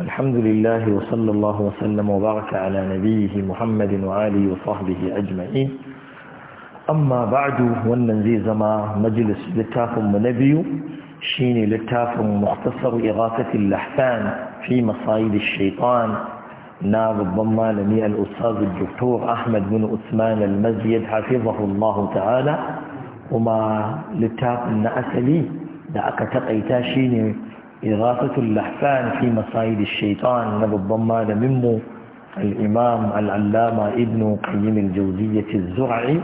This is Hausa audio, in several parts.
الحمد لله وصلى الله وسلم وبارك على نبيه محمد وعلي وصحبه أجمعين أما بعد والنزي زما مجلس لتاف منبي شين لتاف مختصر إغاثة اللحفان في مصايد الشيطان ناب الضمى لمي الأستاذ الدكتور أحمد بن أثمان المزيد حفظه الله تعالى وما لتاف النأسلي تقيتا شيني إغاثة اللحفان في مصايد الشيطان نبضما لممو الإمام العلامة ابن قيم الجوزية الزرعي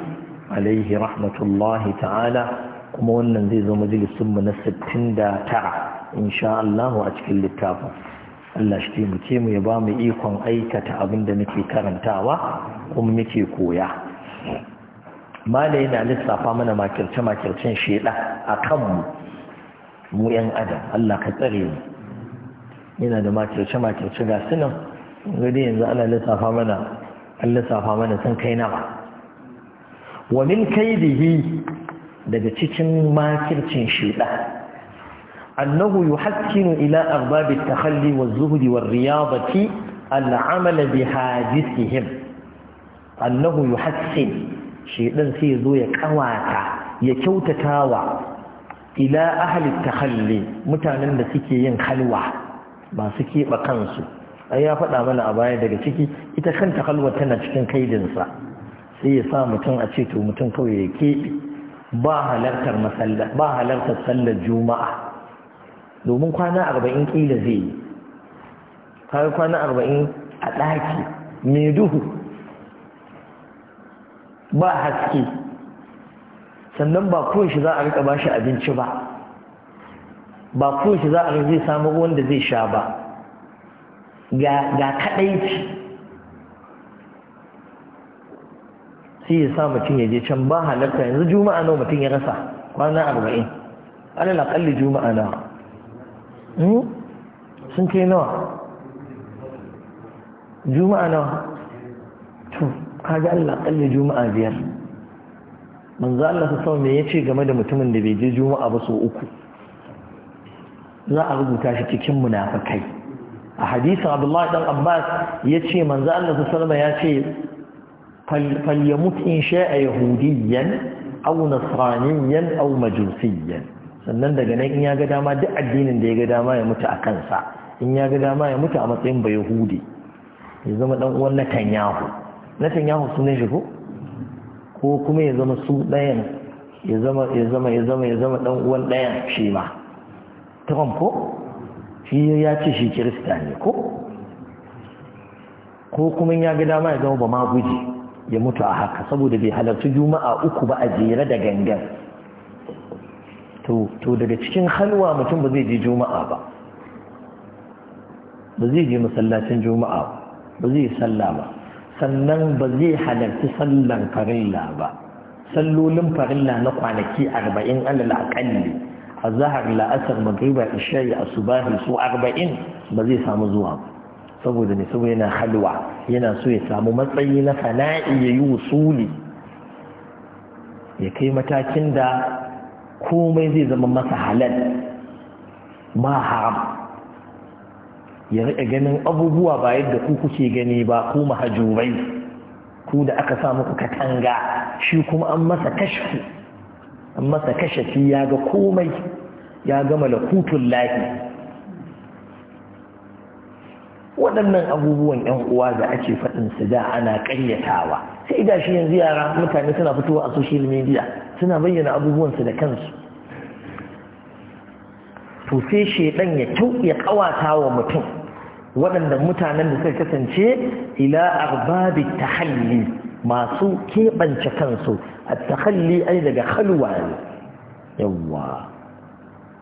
عليه رحمة الله تعالى kuma wannan zai zo majalisunmu na 69 insha Allah a cikin littafin Allah shi taimake mu ya ba mu ikon aikata abin da muke karantawa kuma muke koya mala yana lissafa mana makirce makircen sheda a kanmu mu yan adam Allah ka tsare mu yana da matarce matarce ga su nan gani yanzu ana lissafa mana an lissafa mana sun kai nawa wa min kaidihi daga cikin makircin shida annahu yuhakkinu ila arbab takhalli waz-zuhd war-riyadati al-amal bi hadithihim annahu yuhassin shedan sai zo ya kawata ya kyautatawa ila ahli takhalli mutanen da suke yin halwa ba su keɓa kansu ai ya faɗa mana a baya daga ciki ita kan halwa tana cikin kaidinsa sai ya sa mutum a ce to mutum kawai ya keɓe ba halartar sallar juma'a domin kwana arba'in ƙila zai yi kawai kwana arba'in a ɗaki mai duhu ba haske sannan ba kowace za a rika bashi abinci ba ba kowace za a zai samu ruwan da zai sha ba ga kaɗaici sai ya sa mutum ya je can ba halarta yanzu juma'a nawa mutum ya rasa kwana arba'in ana na kalli juma'a nawa hmm? sun kai nawa juma'a nawa to kaga na kalli juma'a biyar manzo Allah ta sau me yace game da mutumin da bai je juma'a ba so uku za a rubuta shi cikin munafikai a hadisi Abdullahi dan Abbas yace manzo Allah ta sallama yace fal yamut in sha'a yahudiyan aw nasraniyan aw majusiyan sannan daga nan in ya ga dama duk addinin da ya ga dama ya mutu a kansa in ya ga dama ya mutu a matsayin ba yahudi ya zama dan uwan na tanyahu sunan shi ko ko kuma ya zama su ɗayan ya zama ya zama ya zama ya zama ɗan uwan ɗayan shi ma trump ko shi ya ce shi kirista ne ko ko kuma ya ga dama ya zama ba ma guji ya mutu a haka saboda bai halarci juma'a uku ba a jere da gangan to daga cikin halwa mutum ba zai je juma'a ba ba zai je masallacin juma'a ba zai zai sallah ba sannan ba zai halarci sallan farilla ba sallolin farilla na kwanaki arba'in alal aƙalli a zahar la'asar magriba isha'i a subahi su arba'in ba zai samu zuwa saboda ne saboda yana halwa yana so ya samu matsayi na fana'i ya yi wusuli ya kai matakin da komai zai zama masa halal ma haram ya riƙe ganin abubuwa ba yadda ku kuke gani ba ku mahajubai ku da aka sa muku katanga shi kuma an masa kashfi an masa kashfi ya ga komai ya ga malakutun lahi waɗannan abubuwan 'yan uwa da ake faɗin su da ana ƙaryatawa sai ga shi yanzu yara mutane suna fitowa a social media suna bayyana abubuwansu da kansu to sai shaidan ya kyau ya ƙawata wa mutum waɗanda mutanen da suka kasance ila arbabi tahalli masu keɓance kansu a tahalli ai daga halwa ne yawwa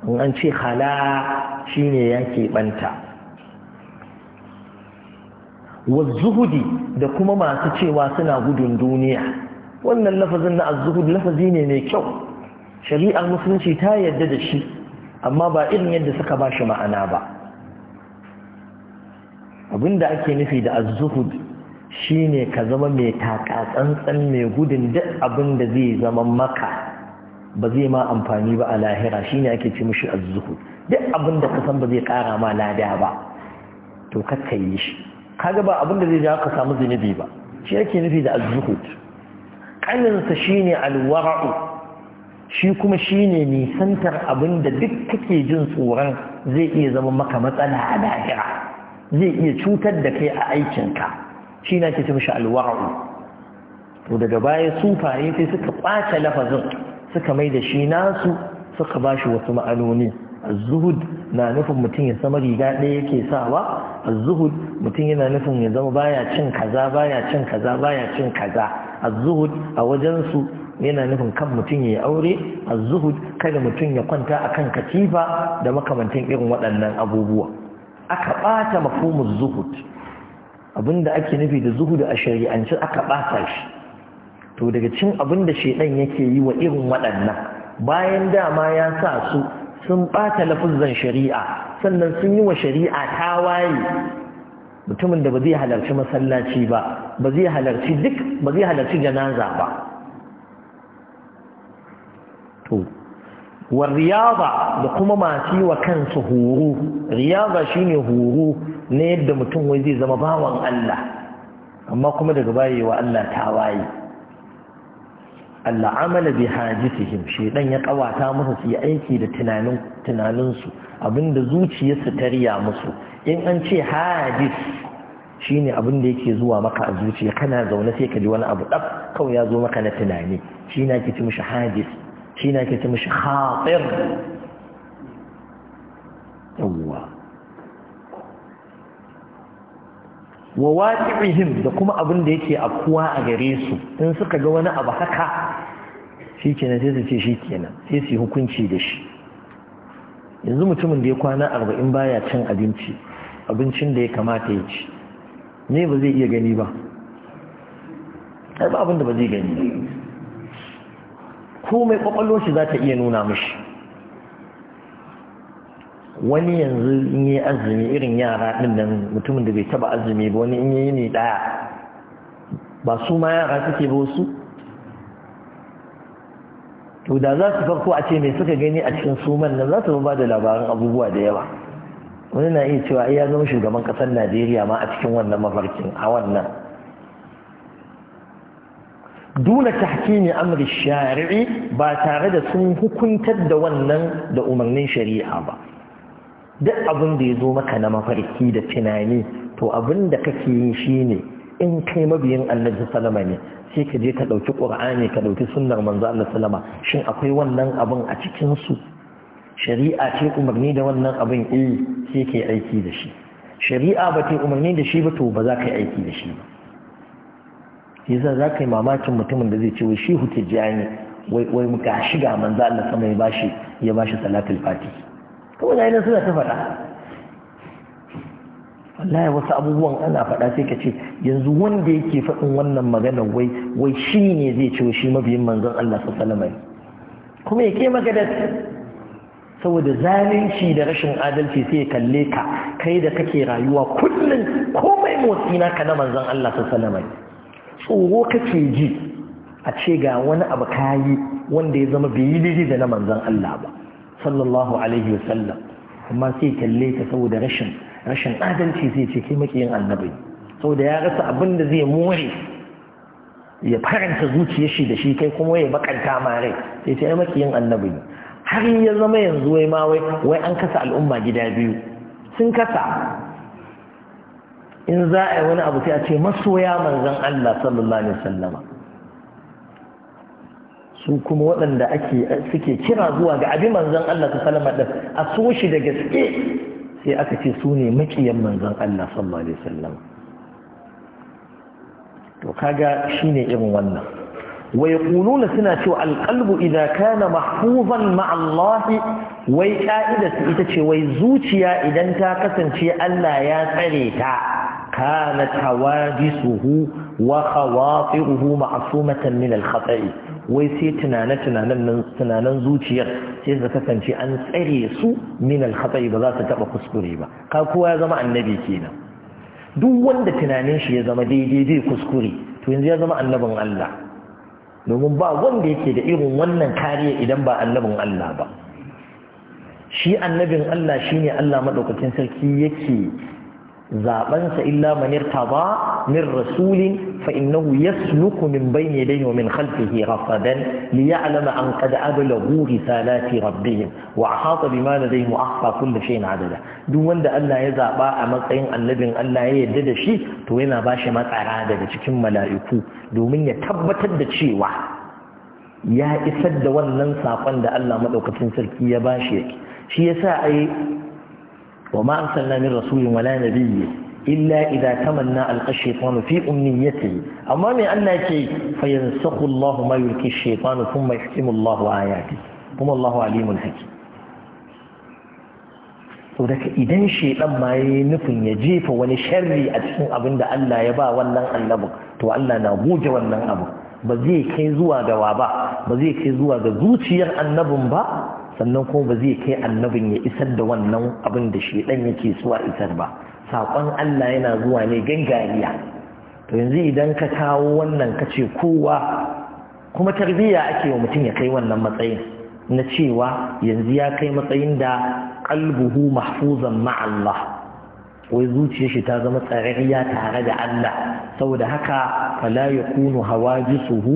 in an ce hala shine ya keɓanta zuhudi da kuma masu cewa suna gudun duniya wannan lafazin na azuhudi lafazi ne mai kyau shari'ar musulunci ta yadda da shi amma ba irin yadda suka ba shi ma'ana ba da ake nufi da Azuhud shine ka zama mai taka tsantsan mai gudun duk abin da zai zama maka ba zai ma amfani ba a lahira shine ake ce mishi az duk abin da ka san ba zai kara ma lada ba to ka yi shi kaga ba abin da zai ja ka samu zunubi ba shi ake nufi da az-zuhud kaninsa shine al shi kuma shine nisantar abin da duk kake jin tsoron zai iya zama maka matsala a lahira zai iya cutar da kai a aikinka shi na ke cimshi alwara'u to daga baya sufaye sai suka ɓace lafazin suka mai da shi nasu suka ba shi wasu ma'anoni zuhud na nufin mutum ya sama riga ɗaya yake sawa zuhud mutum yana nufin ya zama baya cin kaza baya cin kaza baya cin kaza zuhud a wajensu yana nufin kan mutum ya yi aure zuhud kada mutum ya kwanta a kan katifa da makamantan irin waɗannan abubuwa aka ɓata mafhumin zuhud abinda ake nufi da zuhud a shari'ance aka ɓata shi to daga cin abinda shedan yake yi wa irin waɗannan bayan dama ya sa su sun ɓata lafuzan shari'a sannan sun yi wa shari'a ta waye, mutumin da ba zai halarci masallaci ba ba zai halarci duk ba zai halarci janaza ba to wa riyaba da kuma masu yi wa kansu horo riyaba shine horo na yadda mutum wai zai zama bawan Allah amma kuma daga baya wa Allah tawaye Allah amala bi hajitihim shedan ya kawata musu su yi aiki da tunanin tunaninsu abinda zuciyarsu ta riya musu in an ce hajis shine abin da yake zuwa maka a zuciya kana zaune sai ka ji wani abu daf kawai ya zo maka na tunani shi na ke ci mishi hajis shi na ke ce mashi khatir yawwa wa da kuma abin da yake kuwa a gare su in suka ga wani abu haka Shi nan sai su ce kenan, sai su yi hukunci da shi yanzu mutumin da ya kwana arba'in baya cin abinci abincin da ya kamata ya ci ne ba zai iya gani ba ai ba abin da ba zai gani komai kwakwalwar shi za ta iya nuna mishi wani yanzu in yi azumi irin yara ɗin nan mutumin da bai taba azumi ba wani in yi ne ɗaya ba su ma yara suke ba su to da za su farko a ce mai suka gani a cikin suman nan za su ba da labaran abubuwa da yawa wani na iya cewa iya zama shugaban ƙasar najeriya ma a cikin wannan mafarkin a wannan duna tahkimi amri shari'i ba tare da sun hukuntar da wannan da umarnin shari'a ba duk abin da ya zo maka na mafarki da tunani to abin da kake yi shine in kai mabiyin annabi salama ne sai ka je ka ɗauki ƙur'ani ka ɗauki sunnar manzo Allah salama. shin akwai wannan abin a cikin su shari'a ce umarni da wannan abin eh sai ke aiki da shi shari'a ba ta umarni da shi ba to ba za ka yi aiki da shi ba yasa za ka yi mamakin mutumin da zai ce wai shi hutujjani wai wai muka shiga manza Allah sama ya bashi ya bashi salatul fati kawai da yana suna ta faɗa wallahi wasu abubuwan ana faɗa sai ka ce yanzu wanda yake faɗin wannan magana wai wai shi ne zai ce shi mabiyin manzon Allah sallallahu alaihi kuma ya ke maka da saboda zalunci da rashin adalci sai ya kalle ka kai da kake rayuwa kullum komai motsi na ka na manzon Allah sallallahu alaihi tsoro kake ji a ce ga wani abu kayi wanda ya zama bai yi da na manzan Allah ba sallallahu alaihi wa sallam. amma sai kalle ka saboda rashin rashin adalci sai ce kai yin annabi saboda ya rasa abin da zai more ya faranta zuciyar shi da shi kai kuma ya bakanta ma rai sai ce yin annabi har ya zama yanzu wai ma wai an kasa al'umma gida biyu sun kasa in za a yi wani abu sai a ce masoya manzan Allah sallallahu alaihi wasallama su kuma waɗanda ake suke kira zuwa ga abin manzan Allah ta salama ɗin a so shi da gaske sai aka ce su ne maƙiyan manzan Allah sallallahu alaihi wasallam to kaga shine irin wannan wai yaquluna suna cewa alqalbu idza kana mahfuzan ma'a Allah wai ka'ida ita ce wai zuciya idan ta kasance Allah ya tsare ta كانت حوادثه وخواطره معصومة من الخطأ ويسي تنانا تنانا من تنانا زوجيا سيزا تفنشي أن سريسو من الخطأ بذا تتبع كسكري با قاكوا زمع النبي كينا دو وند تنانين شي زمع دي دي دي كسكري توين زي زمع النبي الله لمن با ba wanda yake da irin wannan kariya idan ba annabin Allah ba shi annabin Allah shine Allah madaukakin sarki yake zaɓensa illa manir taba min rasulin fa innahu yasluku min bayni dai wa min khalfihi rasadan li ya'lama an adala ablagu risalati rabbihim wa ahata bima ladayhim ahsa shi na adada duk wanda Allah ya zaɓa a matsayin annabin Allah ya yarda da shi to yana bashi matsara daga cikin mala'iku domin ya tabbatar da cewa ya isar da wannan saƙon da Allah maɗaukacin sarki ya bashi yake shi yasa ai وما أرسلنا من رسول ولا نبي إلا إذا تمنى ألقى الشيطان في أمنيته أما من أن فينسخ الله ما يلقي الشيطان ثم يحكم الله آياته ثم الله عليم حكيم saboda idan shaiɗan ma ya nufin ya jefa wani sharri a cikin abin da Allah ya ba wannan annabin to Allah na goge wannan abu ba zai kai zuwa ga ba ba zai kai zuwa ga zuciyar annabin ba sannan kuma ba zai kai annabin ya isar da wannan abin da shi dan yake so a isar ba saƙon Allah yana zuwa ne gangariya to yanzu idan ka kawo wannan ka ce kowa kuma tarbiyya ake wa mutum ya kai wannan matsayin na cewa yanzu ya kai matsayin da qalbuhu mahfuzan ma'allah. Allah wai zuciyar shi ta zama tsararriya tare da Allah saboda haka fala yakunu hawajisuhu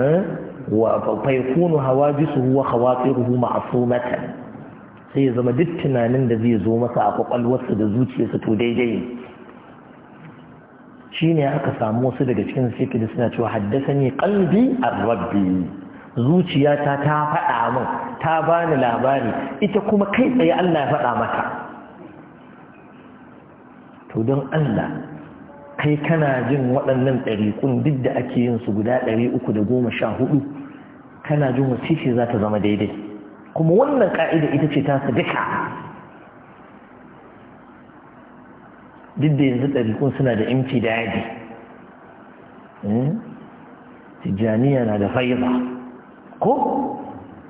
eh hawa وفيكون huwa وخواطره معصومة sai zama duk tunanin da zai zo masa a kwakwalwarsa da zuciyarsa to daidai shi ne aka samu wasu daga cikin sikidi suna cewa haddasa ne kalbi a rabbi zuciyata ta faɗa min ta bani labari ita kuma kai tsaye allah ya faɗa maka to don allah kai kana jin waɗannan ɗariƙun duk da ake yin su guda ɗari uku da goma sha hudu kana jin wacce za ta zama daidai kuma wannan ƙa'ida ita ce ta su duka duk da yanzu ɗariƙun suna da imci da yaji tijjaniya na da faiza ko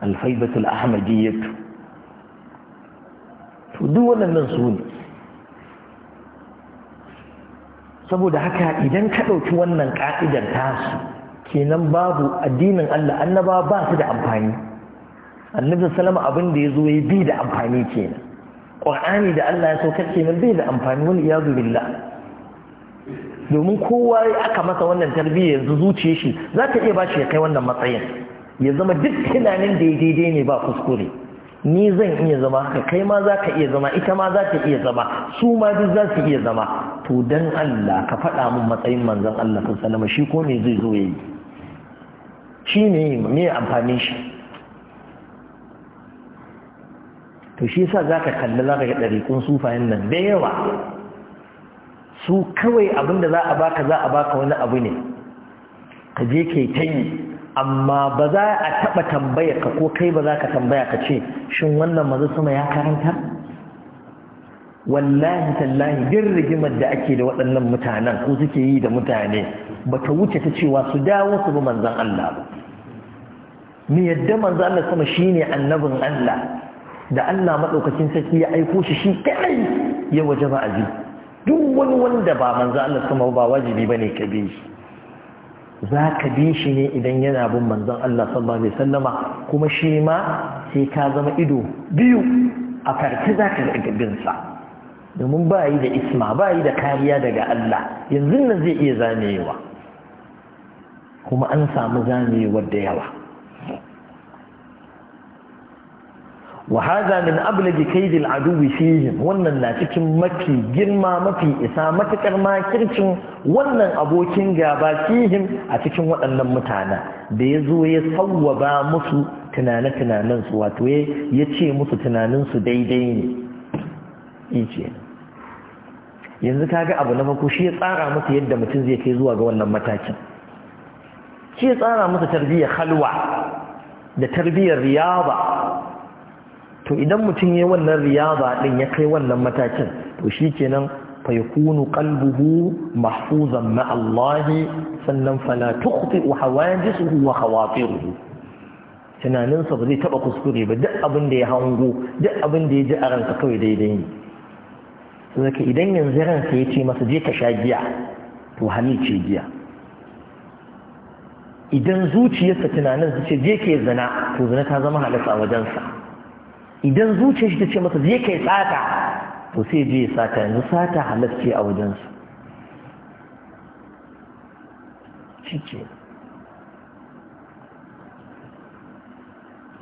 alfaibatul ahmadiyyatu to duk waɗannan su ne saboda haka idan ka ɗauki wannan ƙa'idar tasu kenan babu addinin Allah annaba ba su da amfani annabi salama abin da ya zo ya bi da amfani kenan ƙur'ani da Allah ya saukar kenan bai da amfani wani iyazu billah domin kowa ya aka masa wannan tarbiyyar yanzu zuciye shi za ta iya shi ya kai wannan matsayin ya zama duk tunanin da ya daidai ne ba kuskure ni zan iya zama haka kai ma za ka iya zama ita ma za ta iya zama su ma duk za su iya zama to dan Allah ka faɗa min matsayin manzon Allah sallallahu shi ko me zai zo yayi shi ne me amfanin shi to shi yasa zaka kalli zaka ga ɗariƙun sufayen nan da yawa su kawai abinda za a baka za a baka wani abu ne ka je ke ta amma ba za a taɓa tambaya ka ko kai ba za ka tambaya ka ce shin wannan mazu sama ya karanta wallahi tallahi din rigimar da ake da waɗannan mutanen ko suke yi da mutane ba ta wuce ta cewa su dawo su bi manzan Allah ba mu yadda manzan Allah sama shine annabin Allah da Allah maɗaukacin sarki ya aiko shi shi kaɗai ya waje ma'azi duk wani wanda ba manzan Allah sama ba wajibi ba ne ka bi shi za ka bi shi ne idan yana bin manzon Allah sallallahu alaihi wasallama kuma shi ma sai ka zama ido biyu a farki za ka ga bin domin ba yi da isma ba yi da kariya daga Allah yanzu nan zai iya zamewa kuma an samu zamewar da yawa wa hadha min ablagi kaydil aduwi fihim wannan na cikin mafi girma mafi isa matukar makircin wannan abokin gaba fihim a cikin waɗannan mutane da ya zo ya sawwaba musu tunane-tunanen su wato ya ce musu tunanin su daidai ne yanzu kaga abu na farko shi ya tsara musu yadda mutum zai kai zuwa ga wannan matakin shi ya tsara musu tarbiyyar halwa da tarbiyyar riyaba to idan mutum ya wannan riyaba din ya kai wannan matakin to shikenan fa yakunu qalbuhu mahfuzan ma Allah sannan fala tukhti hawajisuhu wa khawatiruhu tunanin sa ba zai taba kuskure ba duk abin da ya hango duk abin da ya ji a ranka kawai daidai ne saka idan yanzu ranka ya ce masa je ka sha giya to hali ce giya idan zuciyarsa tunanin su ce je ke zina to zina ta zama halisa a wajensa idan zuciyar shi ta ce masa zai kai sata to sai je sata yanzu sata halarci a wajensu shi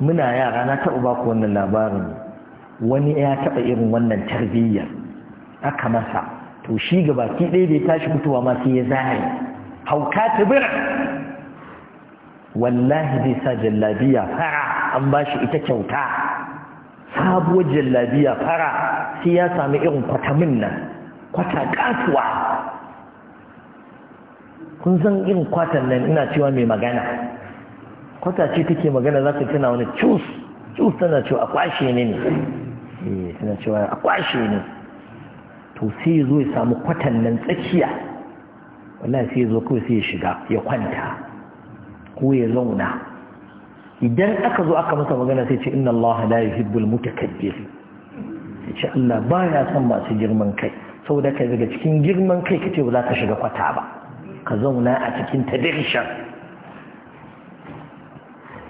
muna yara na taɓa baku wannan labarin wani ya taɓa irin wannan tarbiyyar aka masa to shi ga baki ɗaya da ya tashi mutuwa ma sai ya zahari hauka ta bira wallahi zai sa jallabiya fara an ba shi ita kyauta sabuwar jallabiya fara sai ya sami irin kwatamin nan kwata katuwa kun san irin kwatan nan ina cewa mai magana kwata ce take magana za ta tana wani cus cus tana cewa akwashe ne ne eh, tana cewa akwashe ne to sai ya zo ya samu kwatan nan tsakiya wannan sai ya zo kawai sai ya shiga ya kwanta ko ya zauna idan aka zo aka masa magana sai ce inna Allah la yuhibbul mutakabbir sai ce Allah baya son masu girman kai saboda kai daga cikin girman kai kace ba za ka shiga kwata ba ka zauna a cikin tadirshan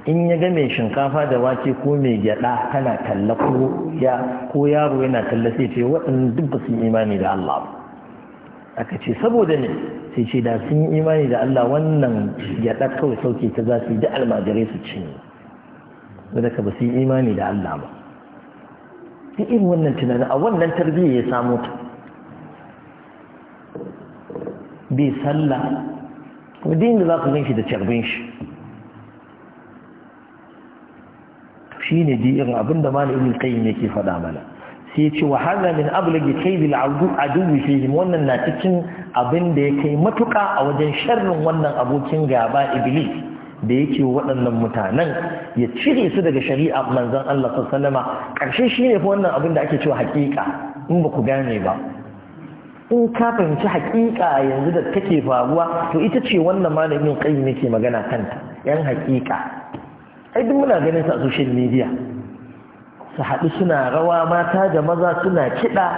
in ya ga mai shinkafa da wake ko mai gyada kana talla ko ya ko yaro yana talla sai ce waɗannan duk ba su imani da Allah ba aka ce saboda ne sai ce da sun imani da Allah wannan gyaɗa kawai sauke ta za su yi da almajirai su cinye wadda ka ba su yi imani da Allah ba duk irin wannan tunanin a wannan tarbiyya ya samu ta bai sallah kuma din da za ku gan shi da carbin shi shi ne ji irin abin da malamin ne ke faɗa mana sai ce wa hada min ablagi kaidil aduwi fihim wannan na cikin abin da ya kai matuka a wajen sharrin wannan abokin gaba iblis da yake waɗannan mutanen ya cire su daga shari'a manzon Allah sallama ƙarshe shi ne fa wannan abin da ake cewa haƙiƙa in ba ku gane ba in ka fahimci haƙiƙa yanzu da take faruwa to ita ce wannan malamin kai nake magana kanta yan haƙiƙa ai duk muna ganin su a social media su haɗu suna rawa mata da maza suna kiɗa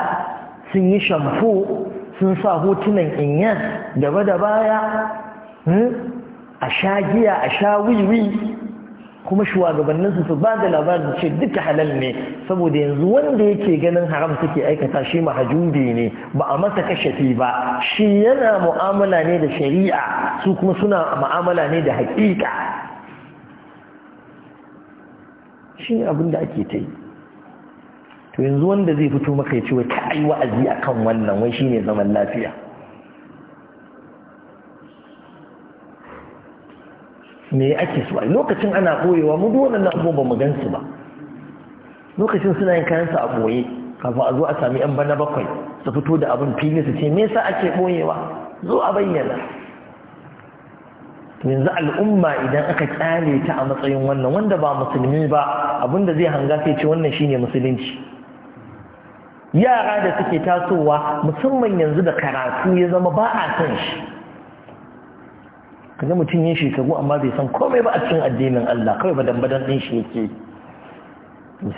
sun yi shamfo sun sa hotunan inyan gaba da baya hmm? a sha giya a sha wiwi kuma shugabanninsu su ba da labarin ce duka halal ne saboda yanzu wanda yake ganin haram suke aikata shi mahajubi ne ba a masa kashafi ba shi yana mu'amala ne da shari'a su kuma suna mu'amala ne da hakika. shi ne abin ake ta yi to yanzu wanda zai fito maka ya ce wa ka yi wa'azi akan wannan wai shine zaman lafiya me ake so lokacin ana koyewa mu dole na abubuwan ba mu gan su ba lokacin suna yin kayansu a boye kafin a zo a sami yan bana bakwai su fito da abin fili su ce me yasa ake boyewa zo a bayyana yanzu al'umma idan aka kyale ta a matsayin wannan wanda ba musulmi ba abinda zai hanga sai ce wannan shine musulunci yara da suke tasowa musamman yanzu da karatu ya zama ba a san shi kaga mutum yin shekaru amma bai san komai ba a cikin addinin Allah kawai ba dambadan din shi yake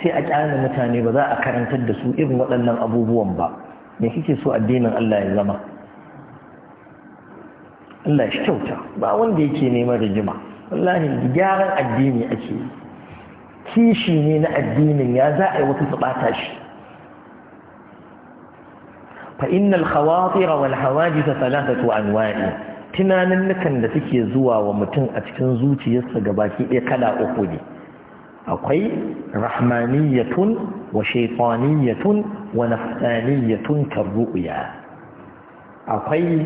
sai a kyale mutane ba za a karantar da su irin waɗannan abubuwan ba me kike so addinin Allah ya zama Allah shi kyauta ba wanda yake neman rigima wallahi gyaran addini ake kishi ne na addinin ya za a yi wata su ɓata shi فإن الخواطر والحواجز ثلاثة أنواع tunanin nukan da suke zuwa wa mutum a cikin zuciyarsa gabaki ɗaya kala uku ne akwai rahmaniyatun wa shaitaniyatun wa nafsaniyatun karru'ya akwai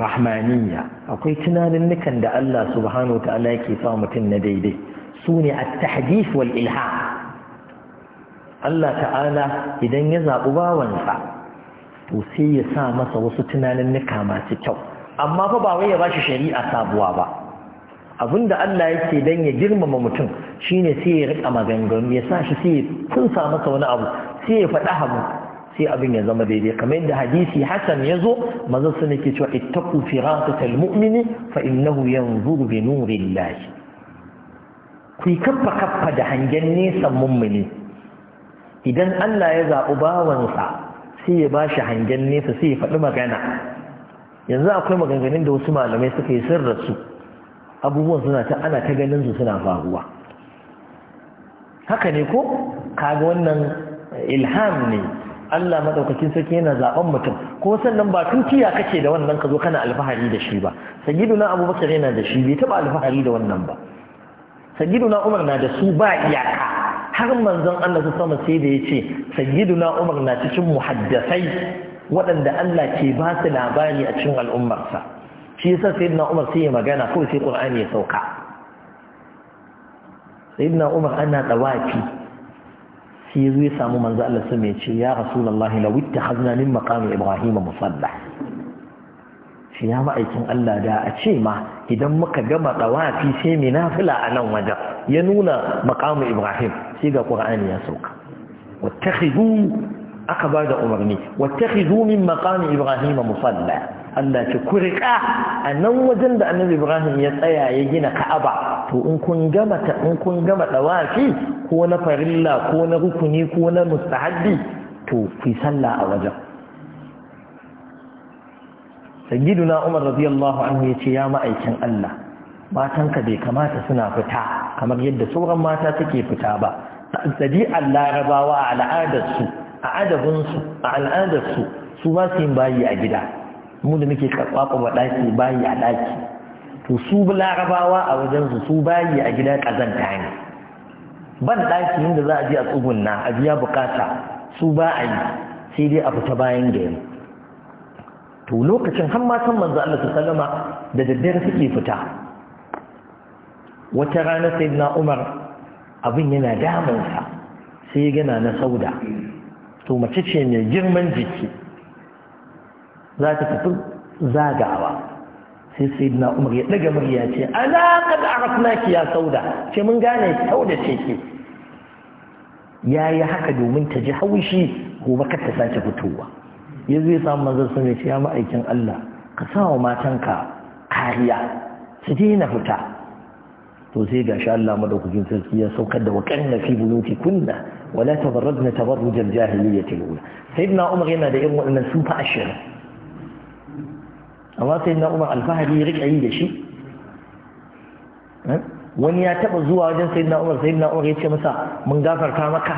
rahmaniya akwai tunanin nukan da Allah subhanahu wa ta'ala yake sa mutum na daidai su ne at-tahdith wal ilha Allah ta'ala idan ya zaɓi bawansa to sai ya sa masa wasu tunanin nika masu kyau amma fa ba wai ya bashi shari'a sabuwa ba abinda Allah yake dan ya girmama mutum shine sai ya rika maganganu ya sa shi sai ya kunsa masa wani abu sai ya faɗa sai abin ya zama daidai kamar yadda hadisi hasan ya zo manzon sun yake cewa ittaqu firaqata almu'mini fa innahu yanzuru bi nurillah ku kaffa kaffa da hangen nesan mummuni idan Allah ya zaɓi bawansa sai ya ba shi hangen nesa sai ya faɗi magana yanzu akwai maganganun da wasu malamai suka yi sirra su abubuwan suna ta ana ta ganin su suna faruwa haka ne ko kaga wannan ilham ne Allah madaukakin sarki yana zaben mutum ko sannan ba tukiya kake da wannan ka zo kana alfahari da shi ba sayyiduna abubakar yana da shi bai taba alfahari da wannan ba sayyiduna umar na da su ba iyaka har manzon Allah su sama sai da ya ce sayyiduna umar na cikin muhaddasai waɗanda Allah ke ba su labari a cikin al'ummarsa shi yasa sayyiduna umar sai ya magana ko sai qur'ani ya sauka sayyiduna umar ana tsawafi sai ya ya samu manzan Allah su ya ce ya rasulullahi law ittakhadna min maqami ibrahim musalla shi ya ma'aikin Allah da a ce ma idan muka gama tsawafi sai mai nafila a nan wajen ya nuna maqamu ibrahim sai ga qur'ani ya sauka wattakhidu aka ba da umarni wattakhidu min maqami ibrahim musalla Allah ki kurika a nan wajen da annabi ibrahim ya tsaya ya gina ka'aba to in kun gama ta in kun gama dawafi ko na farilla ko na rukuni ko na mustahabbi to fi sallah a wajen sayyiduna umar radiyallahu anhu yace ya ma'aikin Allah matanka bai kamata suna fita kamar yadda sauran mata suke fita ba ɗabi'ar larabawa a al'adarsu a adabinsu a al'adarsu su ba su yin bayi a gida mu da muke ba ɗaki bayi a ɗaki to su larabawa a wajensu su bayi a gida ƙazanta ne ban ɗaki inda za a je a tsugunna a biya bukata su ba a yi sai dai a fita bayan gari to lokacin har matan manzo Allah sallama da daddare suke fita wata rana sai na umar abin yana damunsa sai ya gana na sauda to mace ce mai girman jiki za ta tafi zagawa sai sai na umar ya daga murya ce ana kada arafna ki ya sauda ce mun gane sauda ce ke ya yi haka domin ta ji haushi gobe kar ta sace fitowa ya zai samu mazar sun ya ce ya ma'aikin Allah ka sa wa matanka kariya su daina fita to sai ga sha Allah madaukakin sarki ya saukar da wakan na fi buluti kunna wala tabarrajna tabarrujal jahiliyyati al-ula sayyidina Umar yana da irin waɗannan sufa ashirin amma sayyidina Umar alfahari ya rika yi da shi eh? wani ya taba zuwa wajen sayyidina Umar sayyidina Umar ya ce masa mun gafarta maka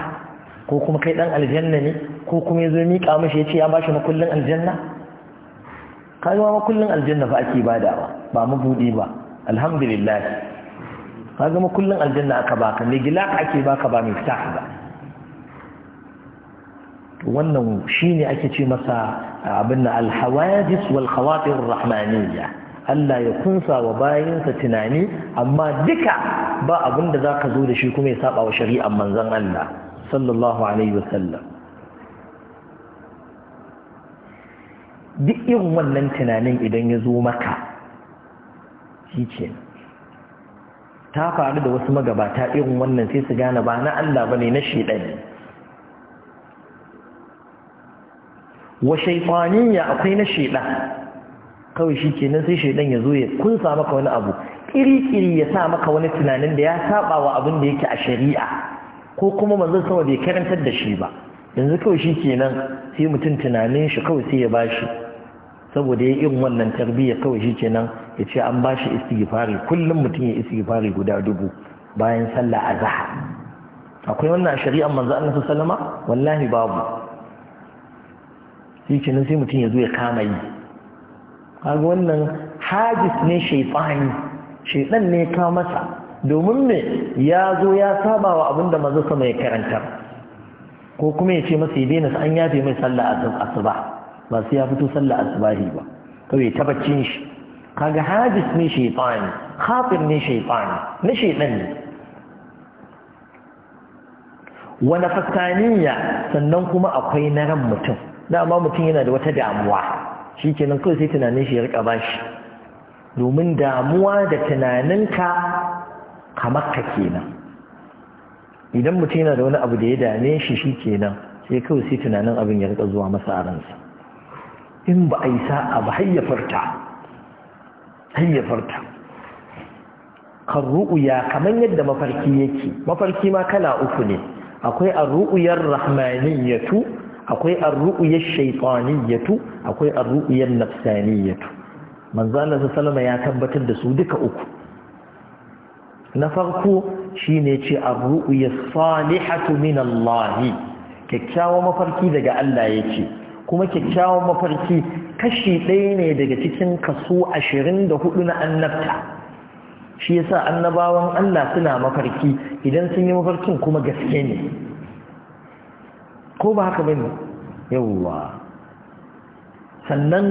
ko kuma kai dan aljanna ne ko kuma yazo mika mishi ya ce ya bashi makullin aljanna kaga makullin aljanna fa ake badawa ba mabudi ba alhamdulillah ka zama kullum aljanna aka baka mai gila ake baka ba mai fita ba wannan ne ake ce masa abin da alhawadis wal khawatir rahmaniyya Allah ya kunsa wa bayansa tunani amma duka ba abin da za ka zo da shi kuma ya saba wa shari'ar manzon Allah sallallahu alaihi wa sallam. duk irin wannan tunanin idan ya zo maka shi ce ta faru da wasu magabata irin wannan sai su gane ba na Allah ba ne na shiɗani wa ya akwai na shiɗa kawai shi ke nan sai shedan ya zo ya kunsa maka wani abu ƙiriƙiri ya sa maka wani tunanin da ya saba wa abin da yake a shari'a ko kuma manzon sama bai karantar da shi ba yanzu kawai shi ke nan sai mutum tunanin shi kawai sai ya ba shi. saboda ya irin wannan tarbiyya kawai shi kenan ya ce an ba shi istighfari kullum mutum ya istighfari guda dubu bayan sallah a zaha akwai wannan shari'ar manzo Allah sallama wallahi babu shi kenan sai mutum ya zo ya kama yi kaga wannan hajis ne shaytani shaytan ne ka masa domin me ya zo ya saba wa abinda manzo sama ya karanta ko kuma ya ce masa ya daina an yafe mai sallah asuba ba sai ya fito sallar asbahi ba kawai ta baccin shi kaga hadis ne shaytan khatir ne shaytan ne shaytan ne Wani fasaniya sannan kuma akwai na ran mutum dama mutum yana da wata damuwa Shi kenan kawai sai tunanin shi ya rika bashi domin damuwa da tunaninka kamar ka kenan idan mutum yana da wani abu da ya dame shi shi kenan sai kawai sai tunanin abin ya rika zuwa masa a in ba a yi sa'a ba hayyafarta hayyafarta kan ru'uya kamar yadda mafarki yake mafarki ma kala uku ne akwai ar-ru'uyar rahmaniyatu akwai ar-ru'uyar shaytaniyatu akwai ar-ru'uyar nafsaniyatu manzana su salama ya tabbatar da su duka uku na farko shi ne ce a ruuyas salihatu min Allah kyakkyawa mafarki daga Allah yake kuma kyakkyawan mafarki kashi ɗaya ne daga cikin kaso ashirin da hudu na annabta shi yasa annabawan Allah suna mafarki idan sun yi mafarkin kuma gaske ne ko ba haka bane yawwa sannan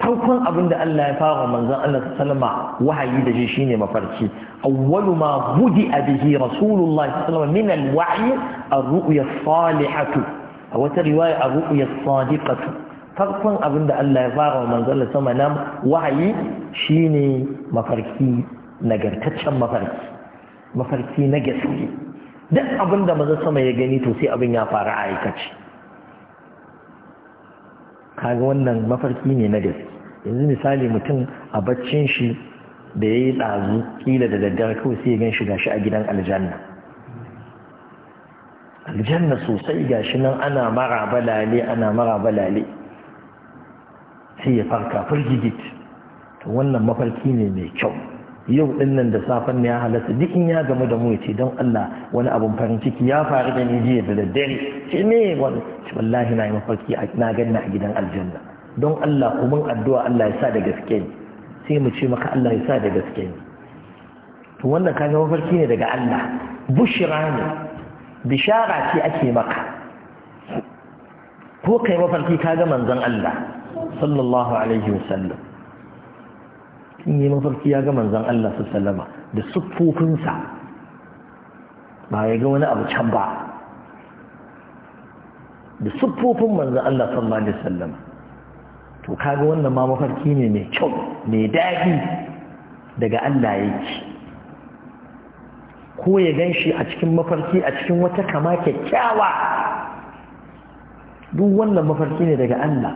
farkon abin da Allah ya fara manzon Allah sallama wahayi da shi shine mafarki awwalu ma budi bihi rasulullahi sallallahu alaihi wasallam min al-wahyi ar-ru'ya a wata riwaya a ru'ya sadiqatu farkon abin da Allah ya fara wa manzon sama nan wahayi shine mafarki nagartaccen mafarki mafarki na gaske duk abin da manzon sama ya gani to sai abin ya fara aikace kaga wannan mafarki ne na gaske yanzu misali mutum a baccin shi da ya yi ɗazu kila da daddare kawai sai ya gan shi gashi a gidan aljanna aljanna sosai gashi nan ana mara balale ana mara balale sai ya farka firgigit to wannan mafarki ne mai kyau yau din nan da safen ya halatta duk in ya gamu da mu ya ce don Allah wani abun farin ciki ya faru da ni jiya da daddare ce ne wani wallahi na yi mafarki na ganna a gidan aljanna don Allah kuma addu'a Allah ya sa da gaske ne sai mu ce maka Allah ya sa da gaske ne to wannan kaga mafarki ne daga Allah bushra ne bishara ce ake maka ko kai mafarki ka ga manzon Allah sallallahu alaihi wasallam kin yi mafarki ya ga manzon Allah sallama da sa ba ya ga wani abu can ba da sufufin manzon Allah sallallahu alaihi wasallam to kaga wannan ma mafarki ne mai kyau mai daɗi daga Allah yake ko ya gan shi a cikin mafarki a cikin wata kama kyakkyawa duk wannan mafarki ne daga Allah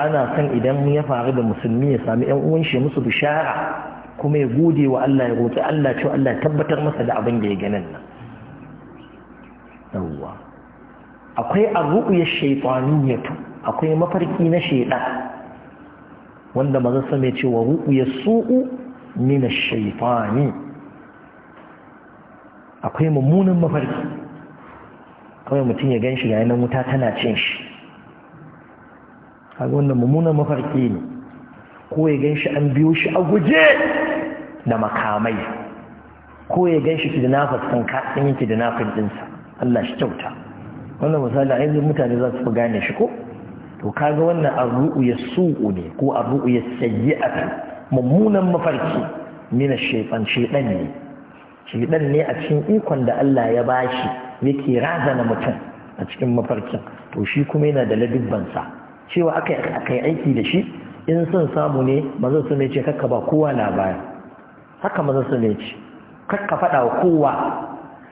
ana san idan ya faru da musulmi ya sami ‘yan uwan shi musu bishara kuma ya gode wa Allah ya roƙi Allah cewa Allah ya tabbatar masa da abin da ya ganin nan yawwa akwai arru'uyar shaitaniyatu akwai mafarki na sheda. wanda maza same cewa ru'uyar su'u min ash-shaytani akwai mummunan mafarki kawai mutum ya gan shi yayin yanar wuta tana cin shi kaga wannan mummunan mafarki ne ko ya gan shi an biyo shi a guje da makamai ko ya gan shi kidnappers sun kaɗin yin kidnapping ɗinsa Allah shi kyauta wannan misali a yanzu mutane za su fi gane shi ko to kaga wannan arru'u ya su'u ne ko arru'u ya a mummunan mafarki mina shaifan shaidan ne shedan ne a cikin ikon da Allah ya bashi yake razana mutum a cikin mafarkin to shi kuma yana da ladibbansa. cewa aka yi aiki da shi in son samu ne mazan su ne ce kakka ba kowa labari haka mazan su ne ce kakka faɗa kowa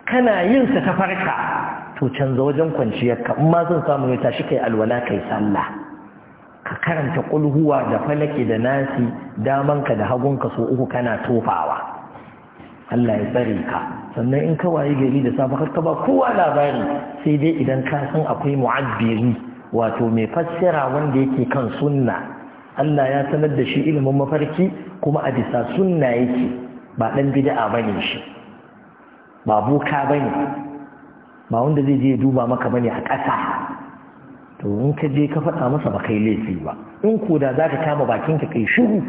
kana yin sa ta farka to canza wajen kwanciyarka in ma son samu ne tashi kai alwala kai sallah ka karanta kulhuwa da falaki da nasi damanka da hagunka so uku kana tofawa Allah ya tsare ka sannan in ka waye gari da safe ka ba kowa labari sai dai idan ka san akwai mu'addiri wato mai fassara wanda yake kan sunna Allah ya sanar da shi ilimin mafarki kuma a bisa sunna yake ba dan bid'a bane shi ba buka bane ba wanda zai je duba maka bane a ƙasa to in ka je ka faɗa masa ba kai laifi ba in ko da zaka kama bakinka kai shiru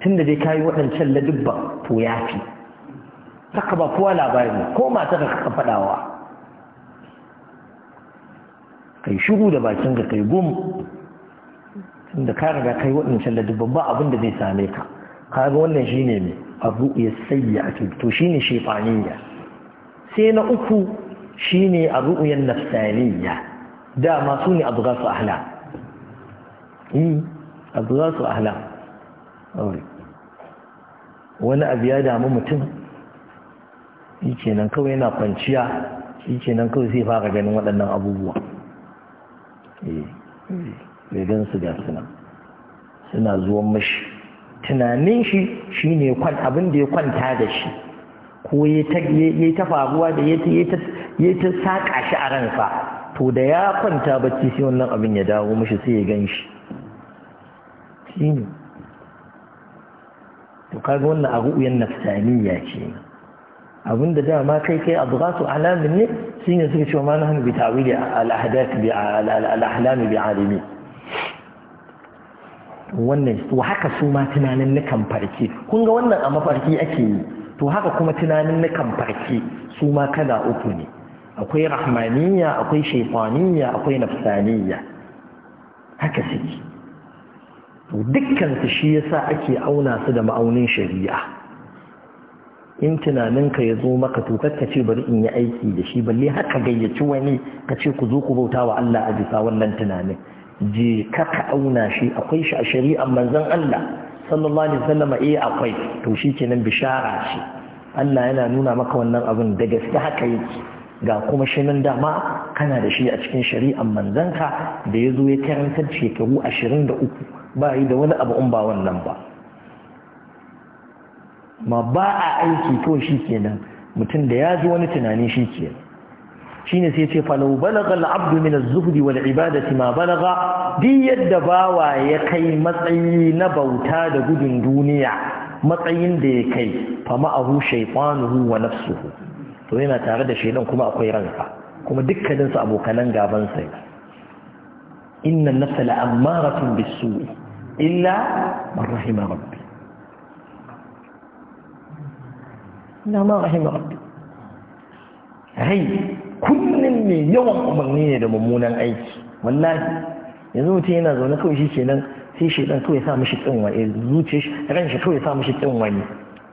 tunda dai kayi waɗancan ladubba to yafi saka ba kowa labari ko mata ka kaka faɗawa kai shiru da bakin ka kai gum tunda ka riga kai waɗancan ladubban ba abin da zai same ka ga wannan shine ne abu ya sayya to shine shefaniya sai na uku shine abu ya nafsaniya Da masu ne abu su ahla hmm, abu su ahla wani abu ya damu mutum shi kenan kawai yana kwanciya shi kenan kawai sai fara ganin waɗannan abubuwa eh, bai gan su da suna suna zuwan mashi tunanin shi ne kwan abin da ya kwanta da shi ko ya ta faruwa da ya ta saƙa shi a ransa to da ya kwanta bacci sai wannan abin ya dawo mashi sai ya gan shi shi ne to kaga wannan a ru'uyan nafsaniya ce abin da dama kai kai abu abghasu alamin ne shi ne suka ce ma hannu bi ta'wili al-ahdath bi al-ahlam bi alimi wannan to haka su ma tunanin kan farki kun ga wannan a mafarki ake yi to haka kuma tunanin kan farki su ma kada uku ne akwai rahmaniyya akwai shaytaniyya akwai nafsaniyya haka suke dukkan su shi yasa ake auna su da ma'aunin shari'a in tunaninka ya zo maka to ka ce bari in yi aiki da shi balle haka gayyaci wani ka ce ku zo ku bauta wa Allah a bisa wannan tunanin je ka ka auna shi akwai shi a shari'ar manzon Allah sallallahu alaihi wasallam eh akwai to shi kenan bishara ce Allah yana nuna maka wannan abin da gaske haka yake ga kuma shi nan dama kana da shi a cikin shari'ar manzanka da ya zo ya karantar shekaru ashirin da uku ba yi da wani abu in ba wannan ba ma ba a aiki kawai shi kenan mutum da ya ji wani tunani shi kenan ne sai ce falau balaga al-abdu min az-zuhdi wal ibadati ma balaga di yadda bawa ya kai matsayi na bauta da gudun duniya matsayin da ya kai fa ma'ahu shaytanuhu wa nafsuhu to yana tare da shaydan kuma akwai ranka kuma dukkanin su abokanan gaban sai inna an-nafsa la'ammaratun bis-su'i illa man rahima na ma rahim rabbi kullun mai yawan umarni ne da mummunan aiki wallahi yanzu mutum yana zaune kawai shi kenan sai shi dan kawai sa mishi tsinwa wani eh, zuciya shi ran shi kawai sa mishi tsinwa ne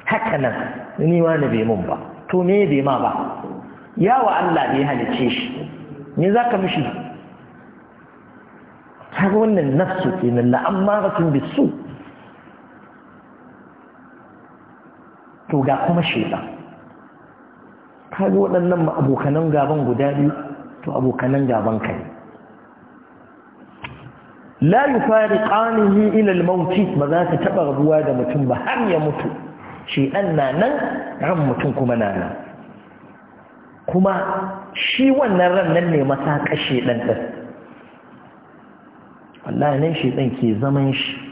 haka nan ni wani bai mun ba to me bai ma ba Ya wa Allah bai halice shi me zaka mishi kaga wannan nafsu kenan la'ammaratun bisu to ga kuma shaitan kaga waɗannan abokanan gaban guda biyu to abokanan gaban ka ne la yufariqanihi ila al-maut ba za ta taɓa rabuwa da mutum ba har ya mutu shaitan na nan ran mutum kuma na nan kuma shi wannan ran nan ne masa kashe dan din wallahi nan shaitan ke zaman shi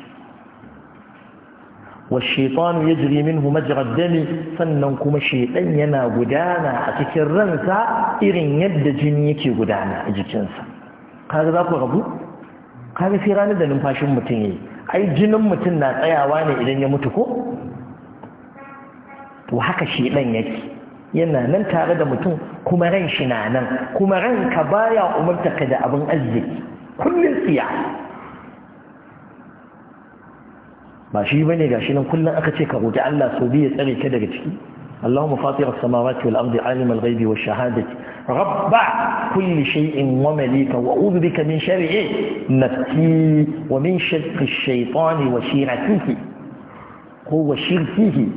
والشيطان يجري منه مجرى الدم فننكم الشيطان ينا غدانا أتكر رنسا إرن يد جنيك غدانا أجتنسا هذا ذاك غبو هذا في رانا دا نمفاشم متنين أي جنم متنات أي أواني إذن يمتكو وحكا الشيطان يكي yana nan tare da mutum kuma ran shi na nan kuma ranka baya umarta ka da abin arziki kullum tsiya ba shi bane gashi nan kullum aka ce ka roki Allah so biya tsare ka daga ciki اللهم فاطر السماوات والأرض عالم الغيب والشهادة ربع كل شيء ومليكه وأعوذ بك من شر نفسي ومن شر الشيطان وشيرته هو شركه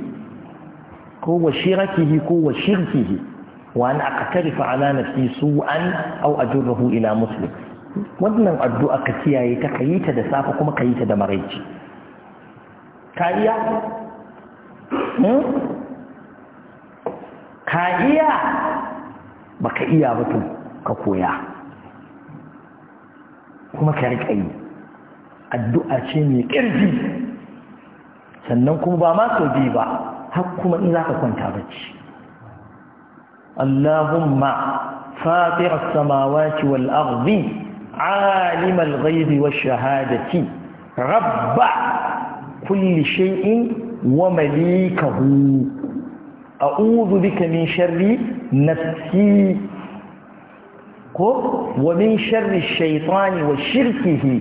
هو شركه هو شركه وأن أقترف على نفسي سوءا أو أجره إلى مسلم wannan addu'a ka kiyaye ta kayi ta da safa kuma kayi ta da maraici ka iya hmm? ka iya baka iya ka koya kuma ka riƙa yi addu'a ce mai ƙirji sannan kuma ba ma so biyu ba har kuma in za ka kwanta bacci Allahumma wal arzi alimal عالم wa والشهادة Rabba! kulli shay'in wa malikahu a'udhu bika min sharri nafsi ko wa min sharri shaytani wa shirkihi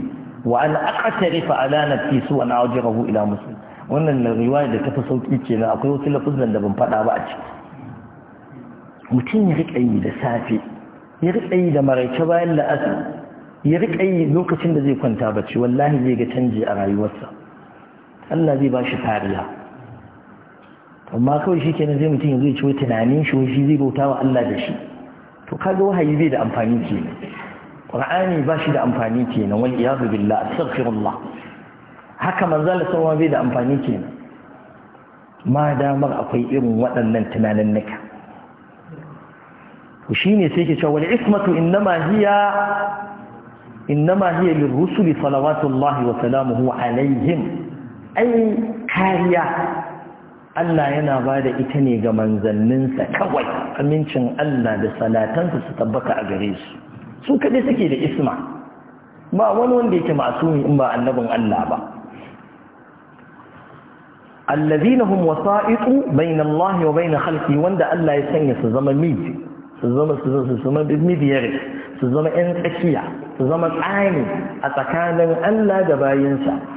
wa an aqtarifa ala nafsi su an ajrahu ila muslim wannan riwaya da ta fi sauki kenan akwai wasu lafuzan da ban faɗa ba a ciki mutum ya riƙa yi da safe ya riƙa yi da maraice bayan la'asar ya riƙa yi lokacin da zai kwanta bacci wallahi zai ga canji a rayuwarsa Allah zai ba shi kariya amma kawai shi kenan zai mutum yanzu ya ci tunanin shi shi zai bauta wa Allah da shi to kaga wahayi zai da amfani kenan qur'ani ba shi da amfani kenan wal iyadu billah astaghfirullah haka manzo Allah sallallahu alaihi da amfani kenan ma damar akwai irin waɗannan tunanin naka to shine sai ke cewa wal ismatu innama hiya innama hiya lirrusuli salawatullahi wa salamuhu alaihim ai kariya Allah yana ba da ita ne ga manzanninsa kawai amincin Allah da salatansa su tabbata a gare su su kaɗai suke da isma ba wani wanda yake masumi in ba annabin Allah ba allazina hum wasa'iqu bayna Allah wa bayna khalqi wanda Allah ya sanya su zama miji su zama su zama su zama su zama ƴan tsakiya su zama tsani a tsakanin Allah da bayinsa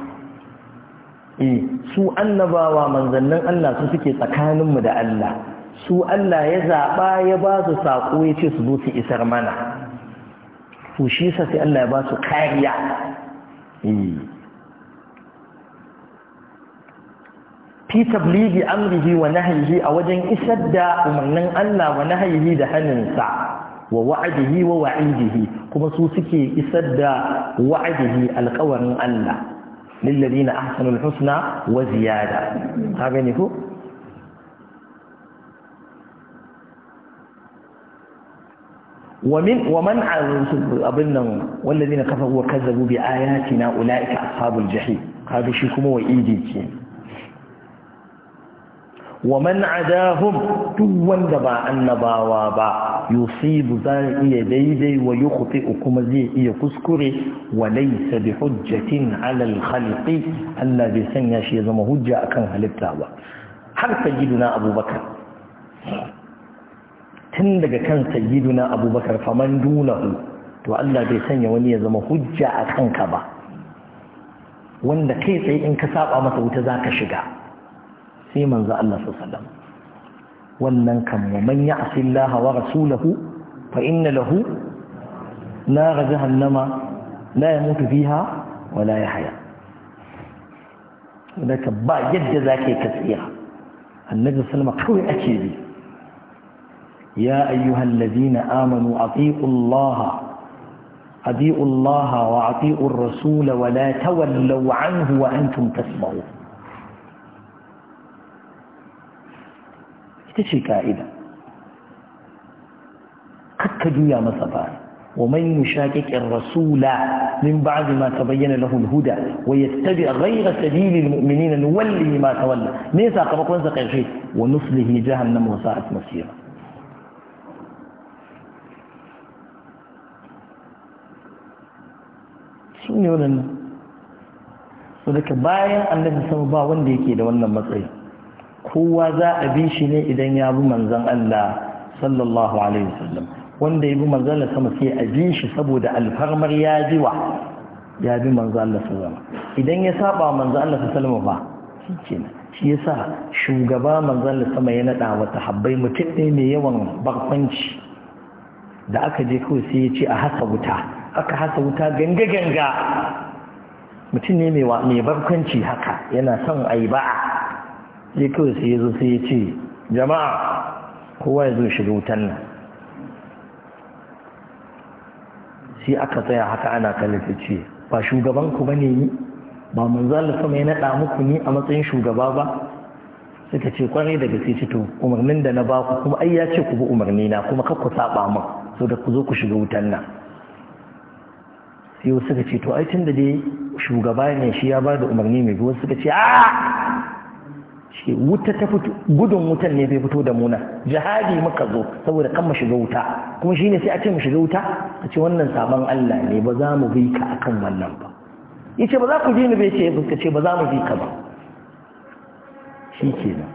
e su annabawa manzannin Allah su suke tsakaninmu da Allah su Allah ya zaɓa ya ba su saƙo ya ce su zo su isar mana to sa sai Allah ya ba su kariya eh. fi tabligi amrihi wa nahyihi a wajen isar da umarnin Allah wa nahyihi da hannunsa wa wa'adihi wa wa'idihi kuma su suke isar da wa'adihi alƙawarin Allah للذين أحسنوا الحسنى وزيادة هذا نفو ومن ومن أبنا والذين كفروا وكذبوا بآياتنا أولئك أصحاب الجحيم هذا شكم وإيدي wa man adahum duk wanda ba annabawa ba yusibu za iya daidai wa yukhti kuma zai iya kuskure wa laysa bi hujjatin ala al Allah bai sanya shi ya zama hujja akan halitta ba har sayyiduna abubakar tun daga kan sayyiduna abubakar faman dunahu to Allah bai sanya wani ya zama hujja akan ka ba wanda kai tsaye in ka saba masa wuta zaka shiga sai manzo Allah sallallahu alaihi wasallam wannan kan mu man ya'si Allah wa rasuluhu fa inna lahu nar jahannama la yamutu fiha wa la yahya ka ba yadda zake ka tsira annabi sallallahu alaihi wasallam kawai ake bi ya ayyuhal ladina amanu atiqu Allah أطيعوا الله وأطيعوا الرسول ولا تولوا عنه وأنتم تسمعون ita ce ka'ida kakka juya masa ومن يشاكك الرسول من بعد ما تبين له الهدى ويتبع غير سبيل المؤمنين نولي ما تولى ليس قبقون سقيشي ونصله جهنم وساءت مصيرا shine wannan so daga bayan annabi sama ba wanda yake kowa za a bi shi ne idan ya bi manzan Allah sallallahu alaihi wasallam wanda ya bi manzan Allah sama sai a bi shi saboda alfarmar ya wa ya bi manzan Allah sallallahu alaihi idan ya saba manzan Allah sallallahu alaihi wasallam ba shikenan shi yasa shugaba manzan Allah sama ya naɗa wa habbai mutum ne mai yawan barkwanci da aka je kawai sai ya ce a hasa wuta aka hasa wuta ganga ganga mutum ne mai barkwanci haka yana son aiba'a sai kawai sai ya zo sai ya ce jama'a kowa ya zo shiga wutan nan sai aka tsaya haka ana kallon ta ce ba shugaban ku bane ni ba manzal sama ya naɗa muku ni a matsayin shugaba ba suka ce kwarai daga sai ce to umarnin da na ba ku kuma ai ya ce ku bi umarni na kuma kar ku saba min so da ku zo ku shiga wutan nan sai wasu suka ce to ai tun da dai shugaba ne shi ya ba da umarni mai biyu suka ce a ce wuta ta fito gudun wutan ne bai fito da muna jihadi muka zo saboda kan mu shiga wuta kuma shine sai a ce mu shiga wuta a ce wannan sabon Allah ne ba za mu bi ka akan wannan ba yace ba za ku ji ni bai ce ka ce ba za mu bi ka ba shikenan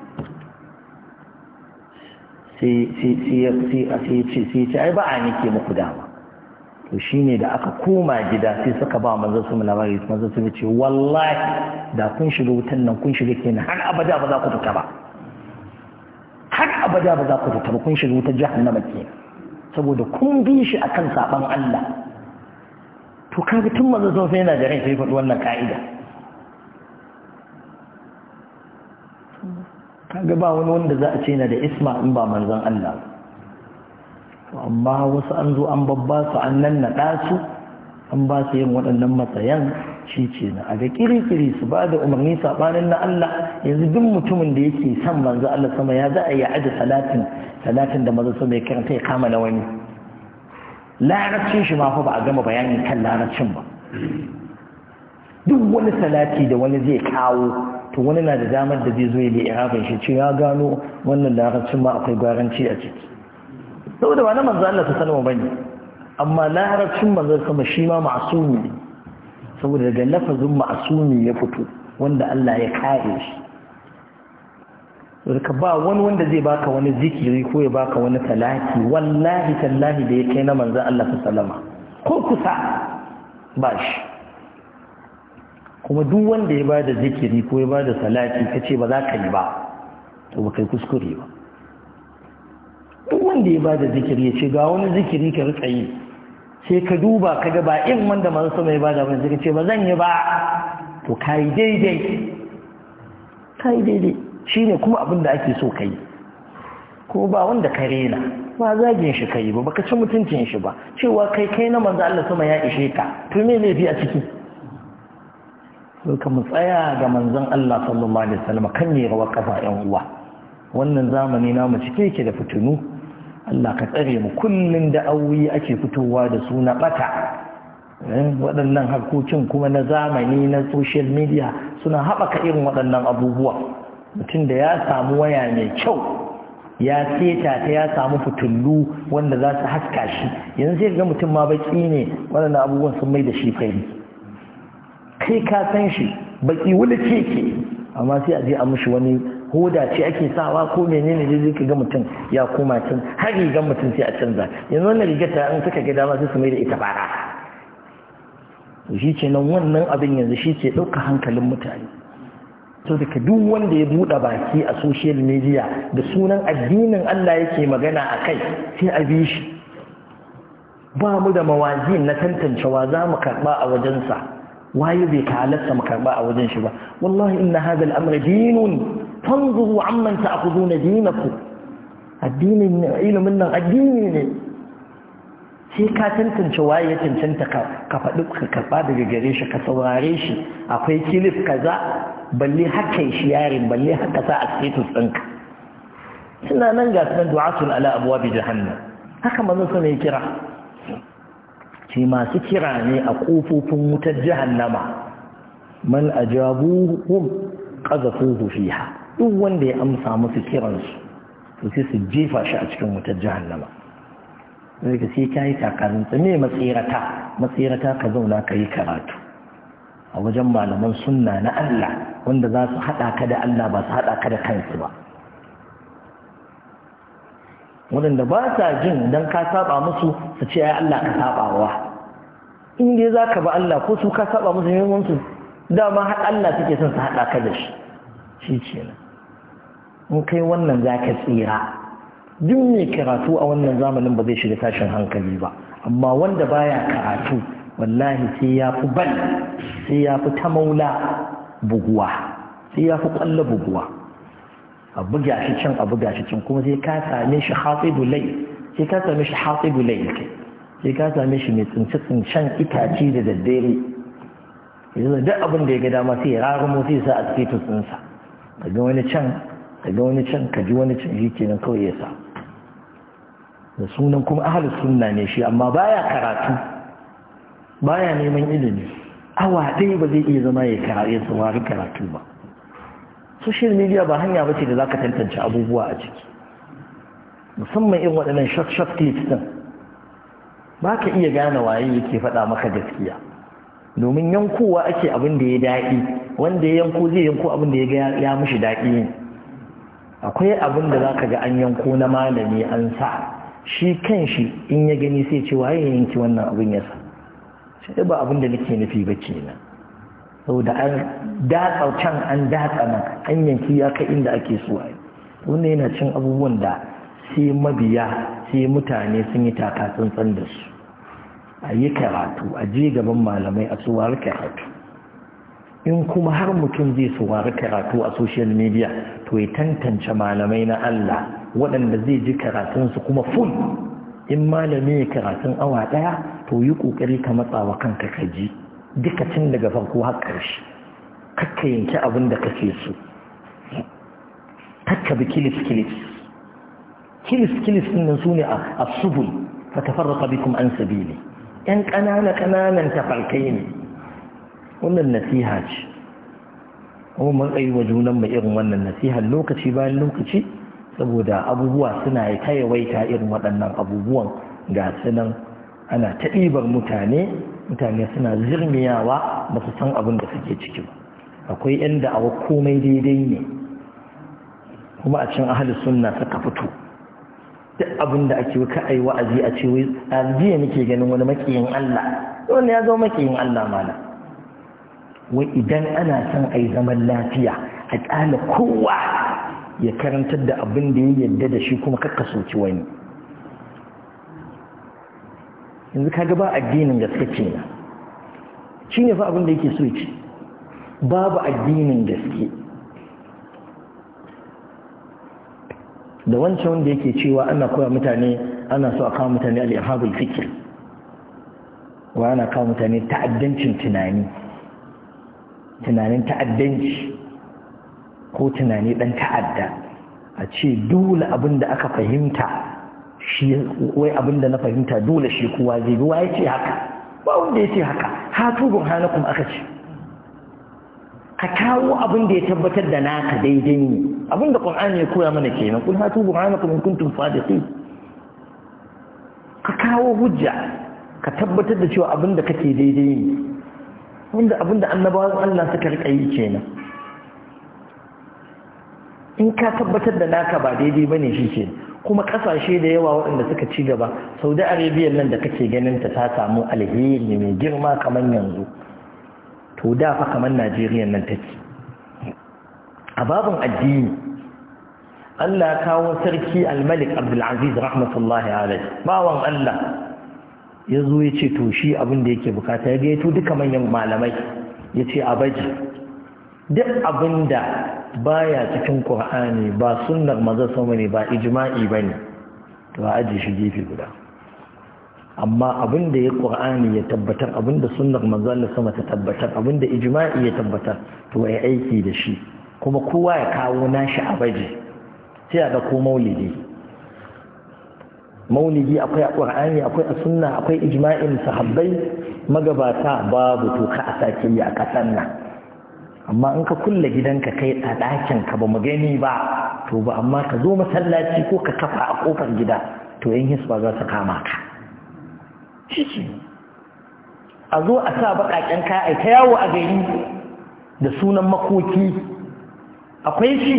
sai sai sai sai sai ce ai ba a nike muku dama to shi ne da aka koma gida sai suka ba manzo su labari manzo su ce wallahi da kun shiga wutan nan kun shiga kenan har abada ba za ku fita ba har abada ba za ku fita ba kun shiga wutar jahannama kenan saboda kun bi shi akan saban Allah to kan tun manzo sun sai yana da rai sai faɗi wannan ka'ida kaga ba wani wanda za a ce yana da isma in ba manzon Allah ba amma wasu an zo an babba su an nan naɗa su an ba su yin waɗannan matsayan shi ce na a ga kirikiri su ba da umarni saɓanin na Allah yanzu duk mutumin da yake son manzo Allah sama ya za a yi aji salatin salatin da maza sama ya karanta ya kama na wani larabcin shi ma fa ba a gama bayanin kan larabcin ba duk wani salati da wani zai kawo to wani na da damar da zai zo ya da irabin shi ce ya gano wannan larabcin ma akwai gwaranci a ciki saboda ba na manzo Allah ta sallama bane amma larabcin manzo sama shi ma ma'sumi saboda daga lafazin ma'sumi ya fito wanda Allah ya kare shi ka ba wani wanda zai baka wani zikiri ko ya baka wani talaki wallahi tallahi da ya kai na manzo Allah ta sallama ko kusa ba shi kuma duk wanda ya bada zikiri ko ya bada salati kace ba za ka yi ba to ba kai kuskure ba wanda ya bada zikiri ya ce ga wani zikiri ka rika yi sai ka duba ka ga ba in wanda masu sama ya bada wani zikiri ce ba zan yi ba to ka yi daidai Ka yi daidai Shi ne kuma abin da ake so ka yi. ko ba wanda ka rena ba zagin shi yi ba baka ci mutuncin shi ba cewa kai kai na manzo Allah sama ya ishe ka to me laifi a ciki sai ka mu tsaya ga manzon Allah sallallahu alaihi wasallam kan ne rawa kafa yan uwa wannan zamani namu cike yake da fitinu Allah ka tsare mu kullum da auyi ake fitowa da su na bata eh, waɗannan harkokin kuma na zamani na social media suna haɓaka irin waɗannan abubuwa mutum da ya samu waya mai kyau ya seta ta ya samu fitullu wanda za su haska shi yanzu zai ga mutum ma baki ne waɗannan abubuwan sun mai da shi fari kai ka san shi baki wuli ke amma sai a je a mushi wani Hoda ce ake sawa ko menene ne zai ga mutum ya koma can har rigar mutum sai a canza yanzu wannan rigar ta an suka ga dama sai su mai da ita bara shi ce nan wannan abin yanzu shi ke ɗauka hankalin mutane to daga duk wanda ya buɗe baki a social media da sunan addinin Allah yake magana a kai sai a bi shi ba mu da mawazi na tantancewa za mu karɓa a wajensa waye bai ka halatta mu karba a wajen shi ba wallahi inna hadha al-amr dinun fanzuru amman ta'khuduna dinakum addinin ilimin nan addini ne sai ka tantance waye ya cancanta ka ka faɗi ka karɓa daga gare shi ka saurare shi akwai kilif kaza balle haka shi yarin balle haka sa a status ɗinka suna nan ga sunan du'atul ala abuwa bi jahannam haka manzon sa ne kira shi masu kira ne a kofofin wutar jahannama man ajabuhum qazafuhu fiha duk wanda ya amsa musu kiransu to sai su jefa shi a cikin wutar jahannama sai ka sai ka yi ta me matsirata matsirata ka zauna ka yi karatu a wajen malaman sunna na Allah wanda za su haɗa ka da Allah ba su haɗa ka da kansu ba waɗanda ba sa jin dan ka saba musu su ce ai Allah ka saba wa', in dai za ba Allah ko su ka saba musu ne dama har Allah suke son su haɗa ka da shi shi kenan in kai wannan za ka tsira duk mai karatu a wannan zamanin ba zai shiga tashin hankali ba amma wanda baya karatu wallahi sai ya fi ban sai ya fi ta maula buguwa sai ya fi kwallo buguwa a buga shi can a buga shi can kuma sai ka same shi hatibu lai sai ka same shi hatibu lai ke sai ka same shi mai tsince tsincen itace da daddare yanzu da abin da ya ga dama sai ya rarumo sai sa a cikin tsinsa ka ji wani can ka ji wani can ka ji wani can shi kenan kawai ya sa da sunan kuma ahal sunna ne shi amma baya karatu baya neman ilimi awa dai ba zai iya zama ya karatu ya saurari karatu ba social media ba hanya ba ce da zaka tantance abubuwa a ciki musamman irin waɗannan shaf shot clips din ba ka iya gane waye yake faɗa maka gaskiya domin yankowa ake abin da ya daɗi wanda ya yanko zai yanko abin da ya ya mishi daɗi akwai abin da ka ga an yanko na malami an sa shi kan shi in ya gani sai cewa waye ya yanki wannan abin ya sa shi ba abin da nake nufi ba kenan saboda an datsa can an datsa nan an yanki ya kai inda ake so ai yi wannan yana cin abubuwan da sai mabiya sai mutane sun yi taka tsantsan da su a yi karatu a je gaban malamai a tsuwar karatu in kuma har mutum zai saurari karatu a social media to ya tantance malamai na Allah waɗanda zai ji karatunsu kuma full in malami ya karatun awa ɗaya to yi ƙoƙari ka matsawa kanka ka ji duka cin daga farko har ƙarshe kakka yanki abin da kake so kakka bi kilis kilis kilis kilis ɗin su ne a subul fa tafarraqa bikum an sabili ‘yan ƙanana-ƙananan tafarkai ne wannan nasiha ce kuma mun tsayi wa junan mai irin wannan nasiha lokaci bayan lokaci saboda abubuwa suna ta yawaita irin waɗannan abubuwan ga sunan ana ta ɗibar mutane mutane suna zirmiyawa ba su san abin da suke ciki ba akwai ‘yan da'awa komai daidai ne kuma a cin ahalus sunna suka fito duk abin da ake ka ai wa'azi a ce wai jiya nake ganin wani makiyin Allah wanda ya zo makiyin Allah mana wai idan ana son ai zaman lafiya a ƙala kowa ya karantar da abin da ya yadda da shi kuma kakka soci wani yanzu kaga ba addinin gaske kenan shine fa abin da yake so babu addinin gaske da wancan wanda yake cewa ana koya mutane ana so a kawo mutane al'ihabul fikir wa ana kawo mutane ta'addancin tunani tunanin ta'addanci ko tunani dan ta'adda a ce dole abin da aka fahimta shi wai abin da na fahimta dole shi kowa zai bi wa ya ce haka ba wanda ya ce haka hatu burhanakum aka ce ka kawo abin da ya tabbatar da naka daidai ne abin da qur'ani ya koya mana kenan kul hatu burhanakum kuntun kuntum sai? ka kawo hujja ka tabbatar da cewa abin da kake daidai ne wanda abin da annabawan Allah suka rika yi kenan in ka tabbatar da naka ba daidai bane shi ke kuma kasashe da yawa waɗanda suka ci gaba saudi arabia nan da kake ganin ta ta samu alheri mai girma kamar yanzu to da fa kamar Najeriya nan take a babin addini Allah kawo sarki al-Malik Abdul Aziz rahmatullahi alaihi bawan Allah ya zo ya ce to shi abin da yake bukata ya gaito duka manyan malamai ya ce a duk abinda da baya cikin ƙur'ani ba sunnar maza sama ne ba ijma'i ba ne to a aji shi gefe guda amma abin da ya ƙur'ani ya tabbatar abin da sunnar manzannin sama ta tabbatar abin da ijma'i ya tabbatar to ya aiki da shi kuma kowa ya kawo nashi a baje sai a ko maulidi maulidi akwai a ƙur'ani akwai a sunna akwai ijma'in sahabbai magabata babu to ka a sake yi a ƙasan nan amma in ka kulle gidanka kai a ɗakin ka ba mu gani ba to ba amma ka zo masallaci ko ka kafa a ƙofar gida to yan hisba za su kama ka ciki a zo a sa baƙaƙen kaya ta yawo a gari da sunan makoki akwai shi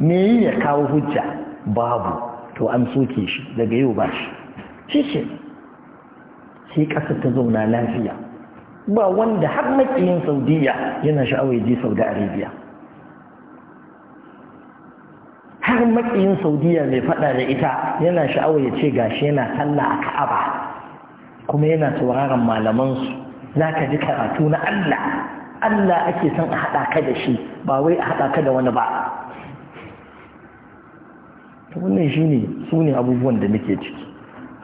me yi ya kawo hujja babu to an soke shi daga yau ba shi shi sai ƙasar ta zauna lafiya ba wanda har makiyin saudiya yana sha'awai je saudi arabia har matsayin saudiya mai faɗa da ita yana sha'awar ya ce gashi yana sallah a ka'aba kuma yana sauraron malamansu za ka ji karatu na allah allah ake son a haɗa ka da shi ba wai a haɗa ka da wani ba wannan shi ne su ne abubuwan da muke ciki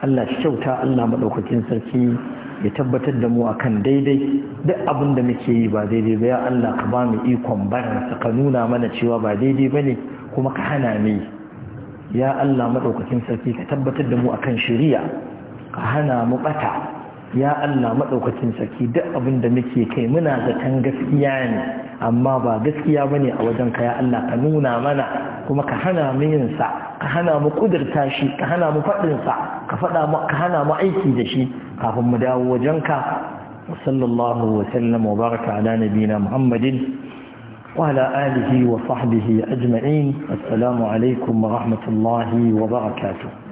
allah shi kyauta allah maɗaukakin sarki ya tabbatar da mu akan daidai duk abin da muke yi ba daidai ba ya Allah ka ba mu ikon barinsa ka nuna mana cewa ba daidai ba ne kuma ka hana ni ya Allah maɗaukakin sarki ka tabbatar da mu akan shari'a ka hana mu ɓata ya Allah maɗaukakin sarki duk abin da muke kai muna zaton gaskiya ne amma ba gaskiya bane a wajen ka ya Allah ka nuna mana kuma ka hana mu yin sa ka hana mu kudurta shi ka hana mu faɗin sa ka faɗa mu ka hana mu aiki da shi kafin mu dawo wajen ka sallallahu wa sallam wa baraka ala nabiyina muhammadin وعلى آله وصحبه أجمعين السلام عليكم ورحمة الله وبركاته